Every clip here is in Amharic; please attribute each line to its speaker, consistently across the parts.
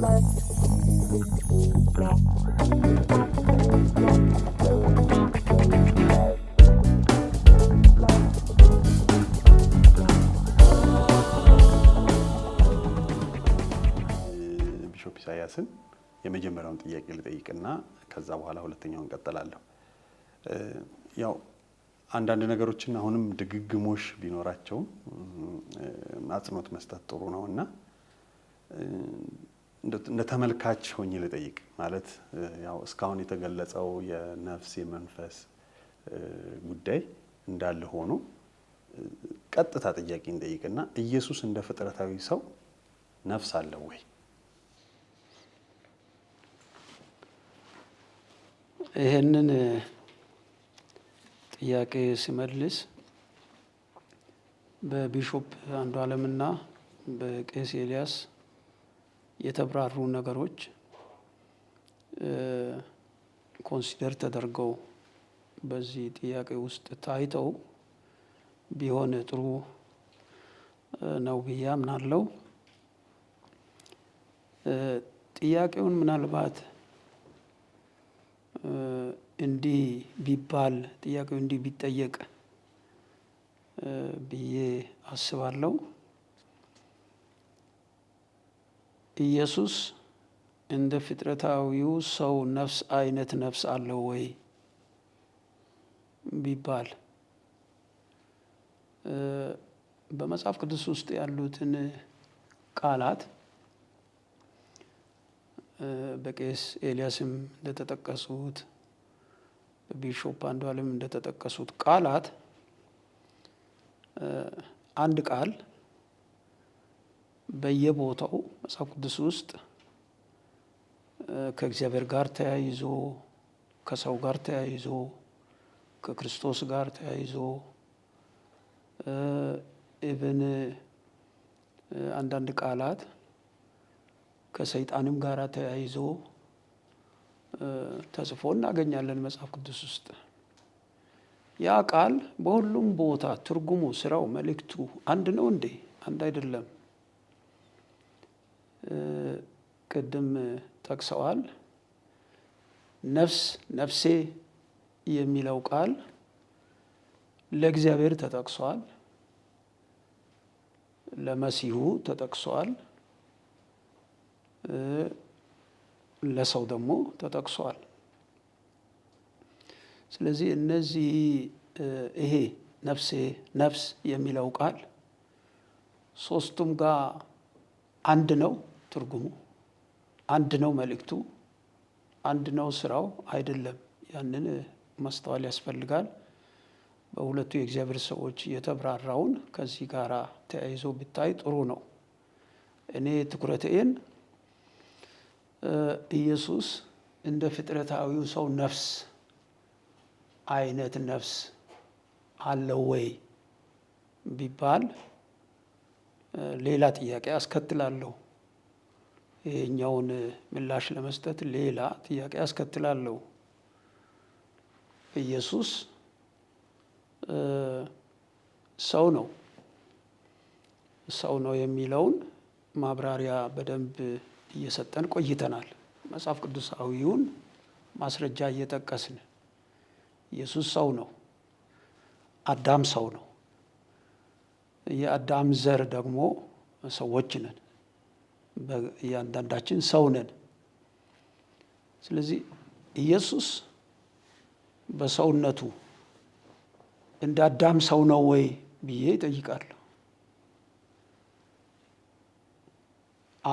Speaker 1: ቢሾፕ ኢሳያስን የመጀመሪያውን ጥያቄ ልጠይቅና ከዛ በኋላ ሁለተኛውን ቀጠላለሁ። ያው አንዳንድ ነገሮችን አሁንም ድግግሞሽ ቢኖራቸውም አጽንኦት መስጠት ጥሩ ነው እና እንደ ተመልካች ሆኜ ልጠይቅ ማለት ያው እስካሁን የተገለጸው የነፍስ የመንፈስ ጉዳይ እንዳለ ሆኖ ቀጥታ ጥያቄ እንጠይቅና ኢየሱስ እንደ ፍጥረታዊ ሰው ነፍስ አለው ወይ?
Speaker 2: ይህንን ጥያቄ ሲመልስ በቢሾፕ አንዱ አለምና በቄስ ኤልያስ የተብራሩ ነገሮች ኮንሲደር ተደርገው በዚህ ጥያቄ ውስጥ ታይተው ቢሆን ጥሩ ነው ብዬ አምናለሁ። ጥያቄውን ምናልባት እንዲህ ቢባል ጥያቄው እንዲህ ቢጠየቅ ብዬ አስባለሁ። ኢየሱስ እንደ ፍጥረታዊው ሰው ነፍስ አይነት ነፍስ አለው ወይ ቢባል በመጽሐፍ ቅዱስ ውስጥ ያሉትን ቃላት በቄስ ኤልያስም እንደተጠቀሱት በቢሾፕ አንዷልም እንደተጠቀሱት ቃላት አንድ ቃል በየቦታው መጽሐፍ ቅዱስ ውስጥ ከእግዚአብሔር ጋር ተያይዞ ከሰው ጋር ተያይዞ ከክርስቶስ ጋር ተያይዞ ኢብን አንዳንድ ቃላት ከሰይጣንም ጋር ተያይዞ ተጽፎ እናገኛለን መጽሐፍ ቅዱስ ውስጥ። ያ ቃል በሁሉም ቦታ ትርጉሙ፣ ስራው፣ መልእክቱ አንድ ነው እንዴ? አንድ አይደለም። ቅድም ጠቅሰዋል። ነፍስ ነፍሴ የሚለው ቃል ለእግዚአብሔር ተጠቅሷል፣ ለመሲሁ ተጠቅሷል፣ ለሰው ደግሞ ተጠቅሷል። ስለዚህ እነዚህ ይሄ ነፍሴ ነፍስ የሚለው ቃል ሶስቱም ጋር አንድ ነው ትርጉሙ፣ አንድ ነው መልእክቱ፣ አንድ ነው ስራው አይደለም። ያንን ማስተዋል ያስፈልጋል። በሁለቱ የእግዚአብሔር ሰዎች የተብራራውን ከዚህ ጋር ተያይዞ ብታይ ጥሩ ነው። እኔ ትኩረቴን ኢየሱስ እንደ ፍጥረታዊው ሰው ነፍስ አይነት ነፍስ አለው ወይ ቢባል ሌላ ጥያቄ አስከትላለሁ። ይሄኛውን ምላሽ ለመስጠት ሌላ ጥያቄ አስከትላለሁ። ኢየሱስ ሰው ነው ሰው ነው የሚለውን ማብራሪያ በደንብ እየሰጠን ቆይተናል። መጽሐፍ ቅዱሳዊውን ማስረጃ እየጠቀስን ኢየሱስ ሰው ነው፣ አዳም ሰው ነው የአዳም ዘር ደግሞ ሰዎች ነን። እያንዳንዳችን ሰው ነን። ስለዚህ ኢየሱስ በሰውነቱ እንደ አዳም ሰው ነው ወይ ብዬ ይጠይቃሉ።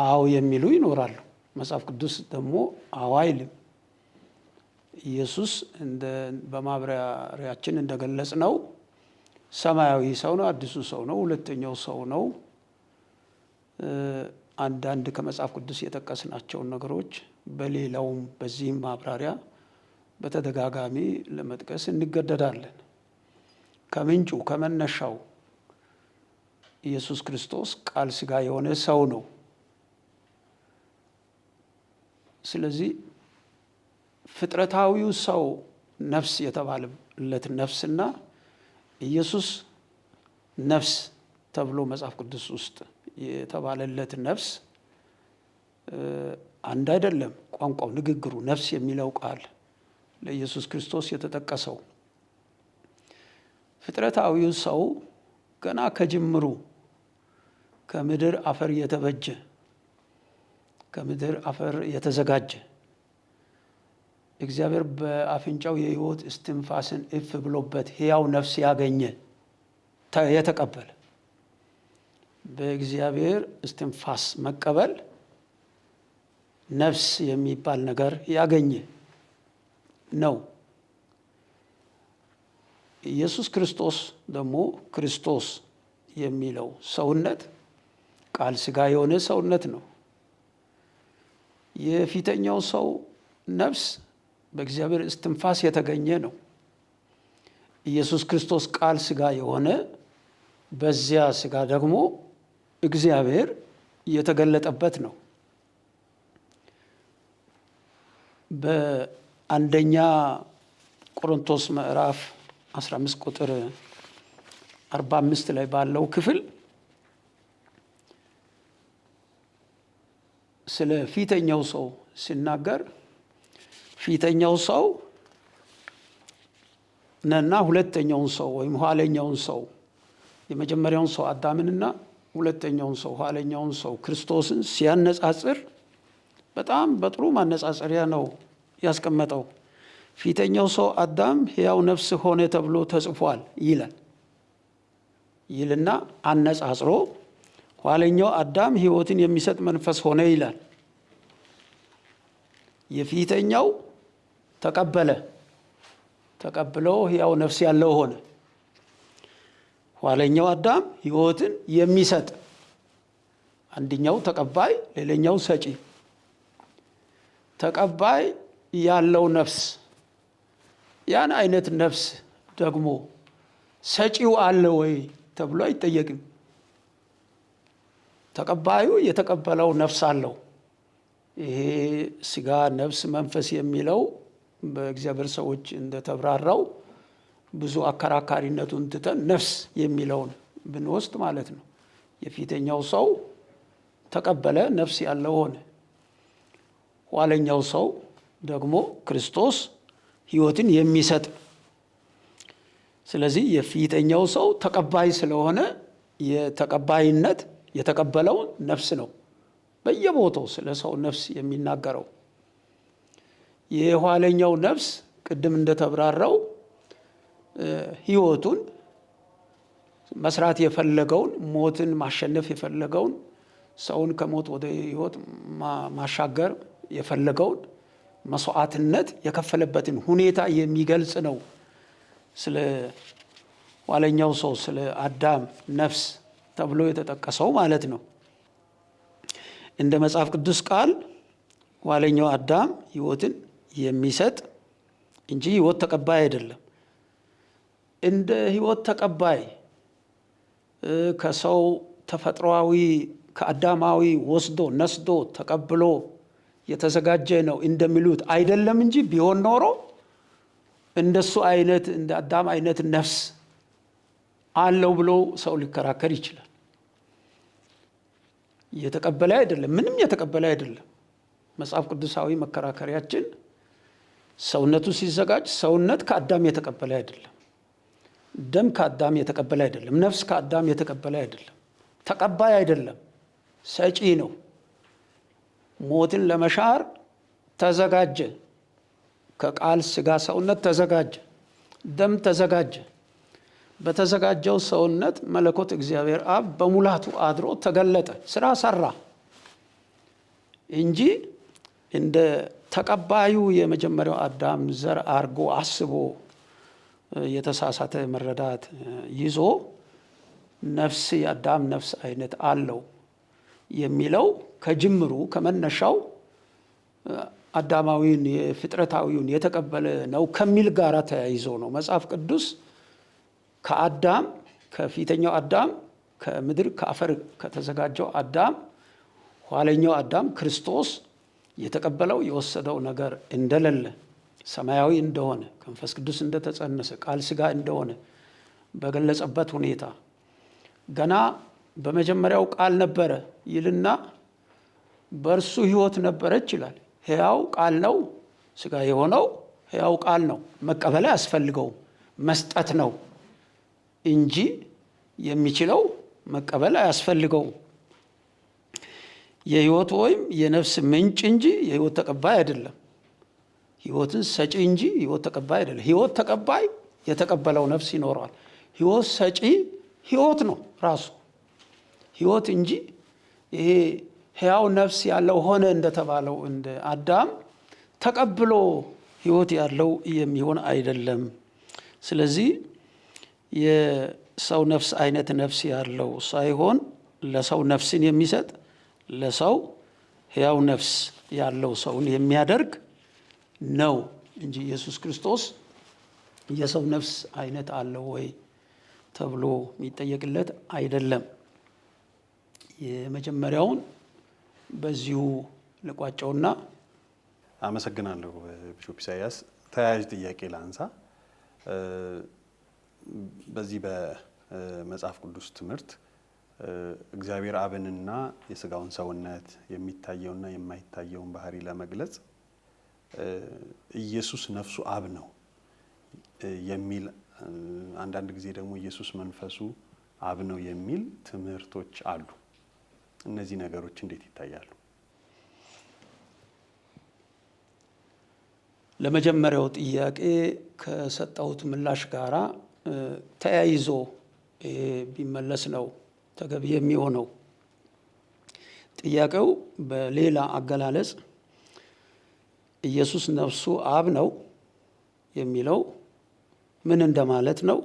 Speaker 2: አዎ የሚሉ ይኖራሉ። መጽሐፍ ቅዱስ ደግሞ አዎ አይልም። ኢየሱስ በማብራሪያችን እንደገለጽ ነው ሰማያዊ ሰው ነው፣ አዲሱ ሰው ነው፣ ሁለተኛው ሰው ነው። አንዳንድ ከመጽሐፍ ቅዱስ የጠቀስናቸውን ነገሮች በሌላውም በዚህም ማብራሪያ በተደጋጋሚ ለመጥቀስ እንገደዳለን። ከምንጩ ከመነሻው ኢየሱስ ክርስቶስ ቃል ሥጋ የሆነ ሰው ነው። ስለዚህ ፍጥረታዊው ሰው ነፍስ የተባለለት ነፍስና ኢየሱስ ነፍስ ተብሎ መጽሐፍ ቅዱስ ውስጥ የተባለለት ነፍስ አንድ አይደለም። ቋንቋው፣ ንግግሩ ነፍስ የሚለው ቃል ለኢየሱስ ክርስቶስ የተጠቀሰው ፍጥረታዊው ሰው ገና ከጅምሩ ከምድር አፈር የተበጀ ከምድር አፈር የተዘጋጀ እግዚአብሔር በአፍንጫው የህይወት እስትንፋስን እፍ ብሎበት ህያው ነፍስ ያገኘ የተቀበለ በእግዚአብሔር እስትንፋስ መቀበል ነፍስ የሚባል ነገር ያገኘ ነው። ኢየሱስ ክርስቶስ ደግሞ ክርስቶስ የሚለው ሰውነት ቃል ስጋ የሆነ ሰውነት ነው። የፊተኛው ሰው ነፍስ በእግዚአብሔር እስትንፋስ የተገኘ ነው። ኢየሱስ ክርስቶስ ቃል ስጋ የሆነ በዚያ ስጋ ደግሞ እግዚአብሔር የተገለጠበት ነው። በአንደኛ ቆሮንቶስ ምዕራፍ 15 ቁጥር 45 ላይ ባለው ክፍል ስለ ፊተኛው ሰው ሲናገር ፊተኛው ሰው ነና ሁለተኛውን ሰው ወይም ኋለኛውን ሰው የመጀመሪያውን ሰው አዳምንና ሁለተኛውን ሰው ኋለኛውን ሰው ክርስቶስን ሲያነጻጽር በጣም በጥሩ ማነጻጸሪያ ነው ያስቀመጠው። ፊተኛው ሰው አዳም ሕያው ነፍስ ሆነ ተብሎ ተጽፏል ይላል ይልና አነጻጽሮ ኋለኛው አዳም ህይወትን የሚሰጥ መንፈስ ሆነ ይላል። የፊተኛው ተቀበለ። ተቀብሎ ያው ነፍስ ያለው ሆነ። ኋለኛው አዳም ሕይወትን የሚሰጥ አንደኛው ተቀባይ፣ ሌላኛው ሰጪ። ተቀባይ ያለው ነፍስ ያን አይነት ነፍስ ደግሞ ሰጪው አለ ወይ ተብሎ አይጠየቅም። ተቀባዩ የተቀበለው ነፍስ አለው። ይሄ ስጋ፣ ነፍስ፣ መንፈስ የሚለው በእግዚአብሔር ሰዎች እንደተብራራው ብዙ አከራካሪነቱን ትተን ነፍስ የሚለውን ብንወስድ ማለት ነው። የፊተኛው ሰው ተቀበለ፣ ነፍስ ያለው ሆነ። ኋለኛው ሰው ደግሞ ክርስቶስ ሕይወትን የሚሰጥ ስለዚህ የፊተኛው ሰው ተቀባይ ስለሆነ የተቀባይነት የተቀበለው ነፍስ ነው። በየቦታው ስለ ሰው ነፍስ የሚናገረው የኋለኛው ነፍስ ቅድም እንደተብራራው ህይወቱን መስራት የፈለገውን ሞትን ማሸነፍ የፈለገውን ሰውን ከሞት ወደ ህይወት ማሻገር የፈለገውን መስዋዕትነት የከፈለበትን ሁኔታ የሚገልጽ ነው። ስለ ኋለኛው ሰው ስለ አዳም ነፍስ ተብሎ የተጠቀሰው ማለት ነው። እንደ መጽሐፍ ቅዱስ ቃል ኋለኛው አዳም ህይወትን የሚሰጥ እንጂ ህይወት ተቀባይ አይደለም። እንደ ህይወት ተቀባይ ከሰው ተፈጥሯዊ ከአዳማዊ ወስዶ ነስዶ ተቀብሎ የተዘጋጀ ነው እንደሚሉት አይደለም እንጂ ቢሆን ኖሮ እንደሱ አይነት እንደ አዳም አይነት ነፍስ አለው ብሎ ሰው ሊከራከር ይችላል። የተቀበለ አይደለም፣ ምንም የተቀበለ አይደለም። መጽሐፍ ቅዱሳዊ መከራከሪያችን ሰውነቱ ሲዘጋጅ ሰውነት ከአዳም የተቀበለ አይደለም። ደም ከአዳም የተቀበለ አይደለም። ነፍስ ከአዳም የተቀበለ አይደለም። ተቀባይ አይደለም፣ ሰጪ ነው። ሞትን ለመሻር ተዘጋጀ። ከቃል ስጋ ሰውነት ተዘጋጀ፣ ደም ተዘጋጀ። በተዘጋጀው ሰውነት መለኮት እግዚአብሔር አብ በሙላቱ አድሮ ተገለጠ፣ ስራ ሰራ እንጂ እንደ ተቀባዩ የመጀመሪያው አዳም ዘር አርጎ አስቦ የተሳሳተ መረዳት ይዞ ነፍስ የአዳም ነፍስ አይነት አለው የሚለው ከጅምሩ ከመነሻው አዳማዊን ፍጥረታዊውን የተቀበለ ነው ከሚል ጋራ ተያይዞ ነው። መጽሐፍ ቅዱስ ከአዳም ከፊተኛው አዳም ከምድር ከአፈር ከተዘጋጀው አዳም ኋለኛው አዳም ክርስቶስ የተቀበለው የወሰደው ነገር እንደሌለ ሰማያዊ እንደሆነ ከመንፈስ ቅዱስ እንደተጸነሰ ቃል ስጋ እንደሆነ በገለጸበት ሁኔታ ገና በመጀመሪያው ቃል ነበረ ይልና በእርሱ ህይወት ነበረች ይላል። ህያው ቃል ነው ስጋ የሆነው ህያው ቃል ነው። መቀበል አያስፈልገውም፣ መስጠት ነው እንጂ የሚችለው መቀበል አያስፈልገውም። የህይወት ወይም የነፍስ ምንጭ እንጂ የህይወት ተቀባይ አይደለም። ህይወትን ሰጪ እንጂ ህይወት ተቀባይ አይደለም። ህይወት ተቀባይ የተቀበለው ነፍስ ይኖረዋል። ህይወት ሰጪ ህይወት ነው ራሱ ህይወት እንጂ ይሄ ህያው ነፍስ ያለው ሆነ እንደተባለው እንደ አዳም ተቀብሎ ህይወት ያለው የሚሆን አይደለም። ስለዚህ የሰው ነፍስ አይነት ነፍስ ያለው ሳይሆን ለሰው ነፍስን የሚሰጥ ለሰው ሕያው ነፍስ ያለው ሰውን የሚያደርግ ነው እንጂ ኢየሱስ ክርስቶስ የሰው ነፍስ አይነት አለው ወይ ተብሎ የሚጠየቅለት አይደለም። የመጀመሪያውን በዚሁ ልቋጨውና
Speaker 1: አመሰግናለሁ። ቢሾፕ ኢሳያስ ተያያዥ ጥያቄ ላንሳ። በዚህ በመጽሐፍ ቅዱስ ትምህርት እግዚአብሔር አብንና የስጋውን ሰውነት የሚታየውና የማይታየውን ባህሪ ለመግለጽ ኢየሱስ ነፍሱ አብ ነው የሚል አንዳንድ ጊዜ ደግሞ ኢየሱስ መንፈሱ አብ ነው የሚል ትምህርቶች አሉ። እነዚህ ነገሮች እንዴት ይታያሉ?
Speaker 2: ለመጀመሪያው ጥያቄ ከሰጠሁት ምላሽ ጋራ ተያይዞ ቢመለስ ነው ተገቢ የሚሆነው። ጥያቄው በሌላ አገላለጽ ኢየሱስ ነፍሱ አብ ነው የሚለው ምን እንደማለት ነው?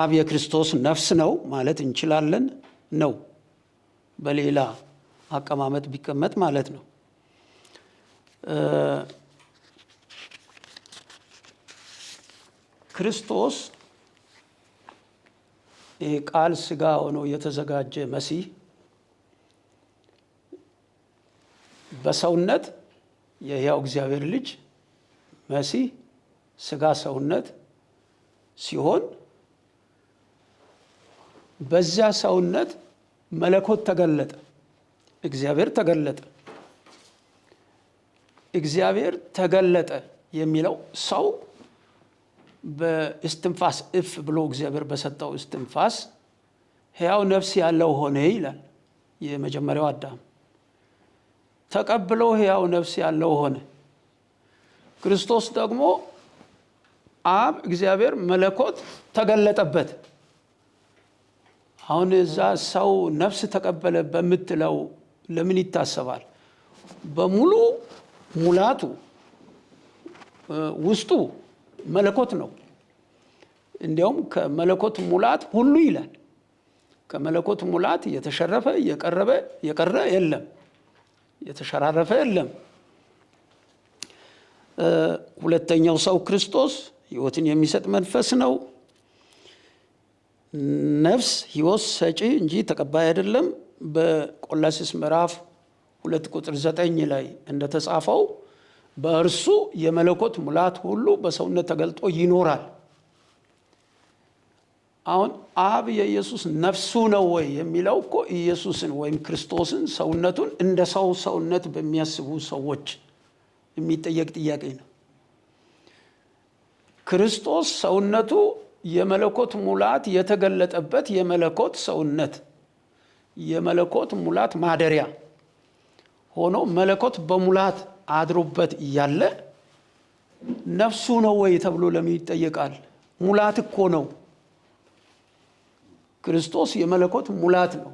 Speaker 2: አብ የክርስቶስ ነፍስ ነው ማለት እንችላለን ነው። በሌላ አቀማመጥ ቢቀመጥ ማለት ነው። ክርስቶስ ይህ ቃል ስጋ ሆኖ የተዘጋጀ መሲህ በሰውነት የሕያው እግዚአብሔር ልጅ መሲህ ስጋ ሰውነት ሲሆን በዚያ ሰውነት መለኮት ተገለጠ፣ እግዚአብሔር ተገለጠ። እግዚአብሔር ተገለጠ የሚለው ሰው በእስትንፋስ እፍ ብሎ እግዚአብሔር በሰጠው እስትንፋስ ሕያው ነፍስ ያለው ሆነ ይላል የመጀመሪያው አዳም ተቀብሎ ሕያው ነፍስ ያለው ሆነ። ክርስቶስ ደግሞ አብ እግዚአብሔር መለኮት ተገለጠበት። አሁን እዛ ሰው ነፍስ ተቀበለ በምትለው ለምን ይታሰባል? በሙሉ ሙላቱ ውስጡ መለኮት ነው። እንዲያውም ከመለኮት ሙላት ሁሉ ይላል። ከመለኮት ሙላት የተሸረፈ የቀረበ የቀረ የለም፣ የተሸራረፈ የለም። ሁለተኛው ሰው ክርስቶስ ህይወትን የሚሰጥ መንፈስ ነው። ነፍስ ህይወት ሰጪ እንጂ ተቀባይ አይደለም። በቆላሲስ ምዕራፍ ሁለት ቁጥር ዘጠኝ ላይ እንደተጻፈው በእርሱ የመለኮት ሙላት ሁሉ በሰውነት ተገልጦ ይኖራል። አሁን አብ የኢየሱስ ነፍሱ ነው ወይ የሚለው እኮ ኢየሱስን ወይም ክርስቶስን ሰውነቱን እንደ ሰው ሰውነት በሚያስቡ ሰዎች የሚጠየቅ ጥያቄ ነው። ክርስቶስ ሰውነቱ የመለኮት ሙላት የተገለጠበት የመለኮት ሰውነት የመለኮት ሙላት ማደሪያ ሆኖ መለኮት በሙላት አድሮበት እያለ ነፍሱ ነው ወይ ተብሎ ለምን ይጠየቃል? ሙላት እኮ ነው። ክርስቶስ የመለኮት ሙላት ነው።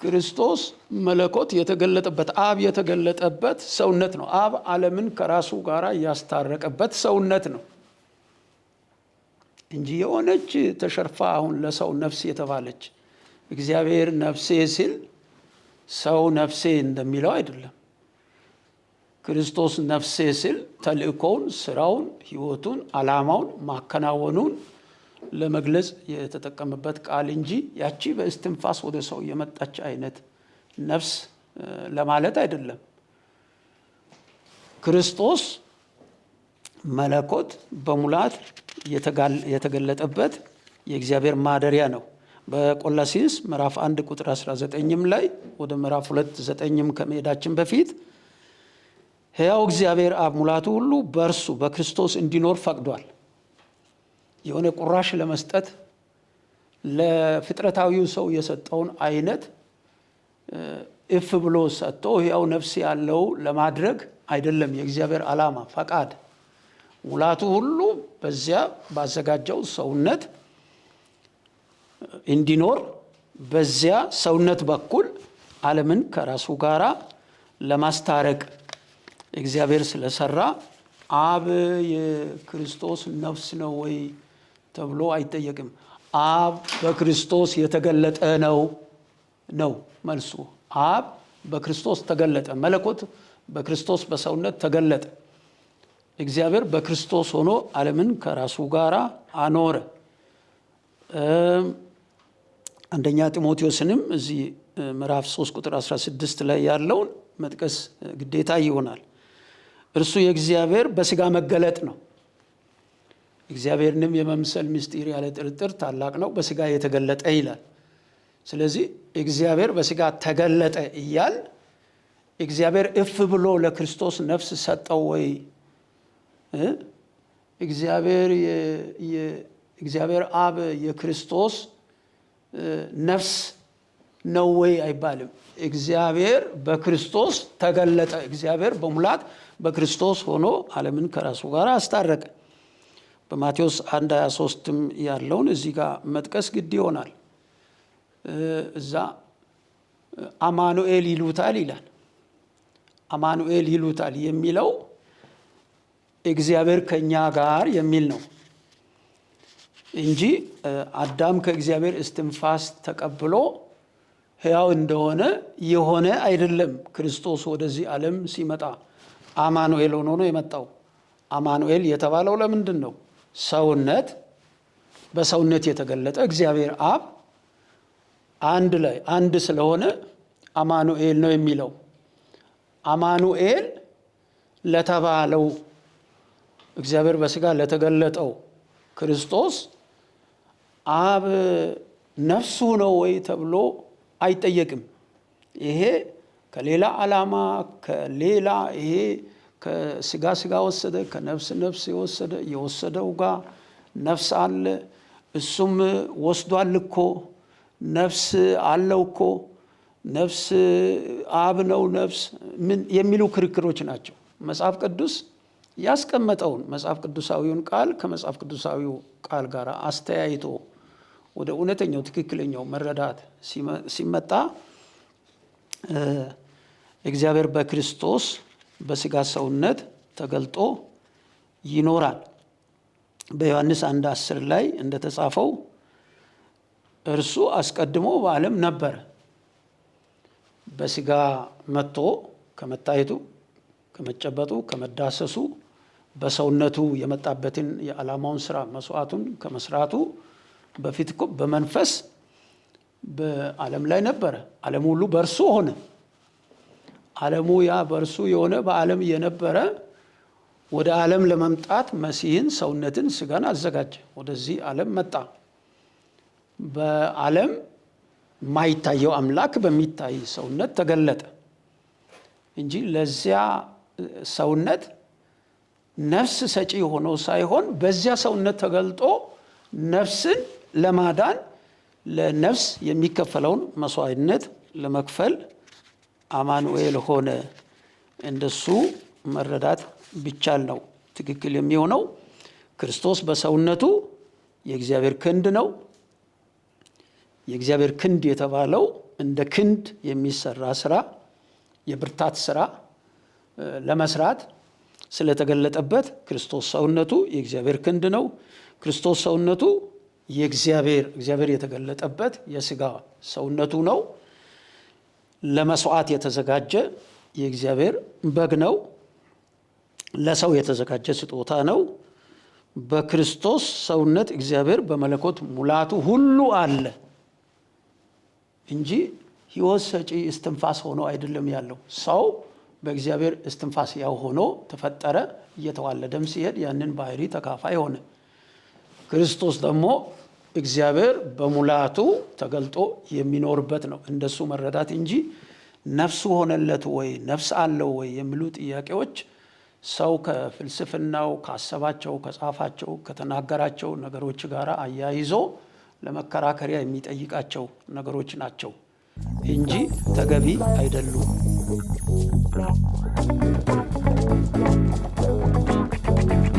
Speaker 2: ክርስቶስ መለኮት የተገለጠበት አብ የተገለጠበት ሰውነት ነው። አብ ዓለምን ከራሱ ጋር ያስታረቀበት ሰውነት ነው እንጂ የሆነች ተሸርፋ አሁን ለሰው ነፍስ የተባለች እግዚአብሔር ነፍሴ ሲል ሰው ነፍሴ እንደሚለው አይደለም። ክርስቶስ ነፍሴ ሲል ተልእኮውን፣ ስራውን፣ ህይወቱን፣ አላማውን ማከናወኑን ለመግለጽ የተጠቀመበት ቃል እንጂ ያቺ በእስትንፋስ ወደ ሰው የመጣች አይነት ነፍስ ለማለት አይደለም። ክርስቶስ መለኮት በሙላት የተገለጠበት የእግዚአብሔር ማደሪያ ነው። በቆላሲንስ ምዕራፍ 1 ቁጥር 19ም ላይ ወደ ምዕራፍ 2 9ም ከመሄዳችን በፊት ሕያው እግዚአብሔር አብ ሙላቱ ሁሉ በእርሱ በክርስቶስ እንዲኖር ፈቅዷል። የሆነ ቁራሽ ለመስጠት ለፍጥረታዊው ሰው የሰጠውን አይነት እፍ ብሎ ሰጥቶ ሕያው ነፍስ ያለው ለማድረግ አይደለም የእግዚአብሔር ዓላማ ፈቃድ። ሙላቱ ሁሉ በዚያ ባዘጋጀው ሰውነት እንዲኖር በዚያ ሰውነት በኩል ዓለምን ከራሱ ጋራ ለማስታረቅ እግዚአብሔር ስለሰራ አብ የክርስቶስ ነፍስ ነው ወይ ተብሎ አይጠየቅም። አብ በክርስቶስ የተገለጠ ነው ነው መልሱ። አብ በክርስቶስ ተገለጠ። መለኮት በክርስቶስ በሰውነት ተገለጠ። እግዚአብሔር በክርስቶስ ሆኖ አለምን ከራሱ ጋር አኖረ። አንደኛ ጢሞቴዎስንም እዚህ ምዕራፍ 3 ቁጥር 16 ላይ ያለውን መጥቀስ ግዴታ ይሆናል። እርሱ የእግዚአብሔር በስጋ መገለጥ ነው። እግዚአብሔርንም የመምሰል ምስጢር ያለ ጥርጥር ታላቅ ነው፣ በስጋ የተገለጠ ይላል። ስለዚህ እግዚአብሔር በስጋ ተገለጠ እያል እግዚአብሔር እፍ ብሎ ለክርስቶስ ነፍስ ሰጠው ወይ? እግዚአብሔር አብ የክርስቶስ ነፍስ ነው ወይ አይባልም። እግዚአብሔር በክርስቶስ ተገለጠ። እግዚአብሔር በሙላት በክርስቶስ ሆኖ ዓለምን ከራሱ ጋር አስታረቀ። በማቴዎስ 1 23ም ያለውን እዚህ ጋር መጥቀስ ግድ ይሆናል። እዛ አማኑኤል ይሉታል ይላል። አማኑኤል ይሉታል የሚለው እግዚአብሔር ከእኛ ጋር የሚል ነው እንጂ አዳም ከእግዚአብሔር እስትንፋስ ተቀብሎ ሕያው እንደሆነ የሆነ አይደለም። ክርስቶስ ወደዚህ ዓለም ሲመጣ አማኑኤል ሆኖ ነው የመጣው። አማኑኤል የተባለው ለምንድን ነው? ሰውነት በሰውነት የተገለጠ እግዚአብሔር አብ አንድ ላይ አንድ ስለሆነ አማኑኤል ነው የሚለው። አማኑኤል ለተባለው እግዚአብሔር በስጋ ለተገለጠው ክርስቶስ አብ ነፍሱ ነው ወይ ተብሎ አይጠየቅም። ይሄ ከሌላ ዓላማ ከሌላ ይሄ ከስጋ ስጋ ወሰደ፣ ከነፍስ ነፍስ የወሰደ የወሰደው ጋር ነፍስ አለ እሱም ወስዷል እኮ ነፍስ አለው እኮ ነፍስ አብ ነው ነፍስ ምን የሚሉ ክርክሮች ናቸው። መጽሐፍ ቅዱስ ያስቀመጠውን መጽሐፍ ቅዱሳዊውን ቃል ከመጽሐፍ ቅዱሳዊው ቃል ጋር አስተያይቶ ወደ እውነተኛው ትክክለኛው መረዳት ሲመጣ እግዚአብሔር በክርስቶስ በስጋ ሰውነት ተገልጦ ይኖራል። በዮሐንስ አንድ አስር ላይ እንደተጻፈው እርሱ አስቀድሞ በዓለም ነበረ። በስጋ መጥቶ ከመታየቱ ከመጨበጡ ከመዳሰሱ በሰውነቱ የመጣበትን የዓላማውን ስራ መስዋዕቱን ከመስራቱ በፊት በመንፈስ በዓለም ላይ ነበረ። ዓለም ሁሉ በእርሱ ሆነ። ዓለሙ ያ በእርሱ የሆነ በዓለም የነበረ ወደ ዓለም ለመምጣት መሲህን ሰውነትን ስጋን አዘጋጀ። ወደዚህ ዓለም መጣ። በዓለም የማይታየው አምላክ በሚታይ ሰውነት ተገለጠ እንጂ ለዚያ ሰውነት ነፍስ ሰጪ ሆኖ ሳይሆን በዚያ ሰውነት ተገልጦ ነፍስን ለማዳን ለነፍስ የሚከፈለውን መስዋዕትነት ለመክፈል አማኑኤል ሆነ እንደሱ መረዳት ቢቻል ነው ትክክል የሚሆነው። ክርስቶስ በሰውነቱ የእግዚአብሔር ክንድ ነው። የእግዚአብሔር ክንድ የተባለው እንደ ክንድ የሚሰራ ስራ የብርታት ስራ ለመስራት ስለተገለጠበት ክርስቶስ ሰውነቱ የእግዚአብሔር ክንድ ነው። ክርስቶስ ሰውነቱ የእግዚአብሔር እግዚአብሔር የተገለጠበት የስጋ ሰውነቱ ነው። ለመስዋዕት የተዘጋጀ የእግዚአብሔር በግ ነው። ለሰው የተዘጋጀ ስጦታ ነው። በክርስቶስ ሰውነት እግዚአብሔር በመለኮት ሙላቱ ሁሉ አለ እንጂ ህይወት ሰጪ እስትንፋስ ሆኖ አይደለም ያለው። ሰው በእግዚአብሔር እስትንፋስ ያው ሆኖ ተፈጠረ። እየተዋለደም ሲሄድ ያንን ባህሪ ተካፋይ ሆነ። ክርስቶስ ደግሞ እግዚአብሔር በሙላቱ ተገልጦ የሚኖርበት ነው። እንደሱ መረዳት እንጂ ነፍሱ ሆነለት ወይ ነፍስ አለው ወይ የሚሉ ጥያቄዎች ሰው ከፍልስፍናው ካሰባቸው፣ ከጻፋቸው፣ ከተናገራቸው ነገሮች ጋር አያይዞ ለመከራከሪያ የሚጠይቃቸው ነገሮች ናቸው እንጂ ተገቢ አይደሉም። Thank you.